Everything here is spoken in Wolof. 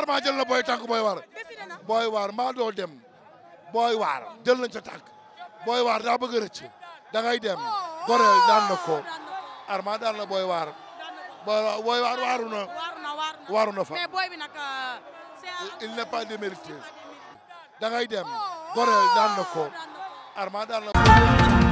arma jël na booy tànk booy waar booy waar maa doo dem booy waar jël nañ sa tànk booy waar daa bëgg a rëcc da ngay dem goreel daan na ko arma daan na booy waar booy waar waaru na waaru na fa euh, il n'est pas démérité da dem goreel daan na ko arma daan na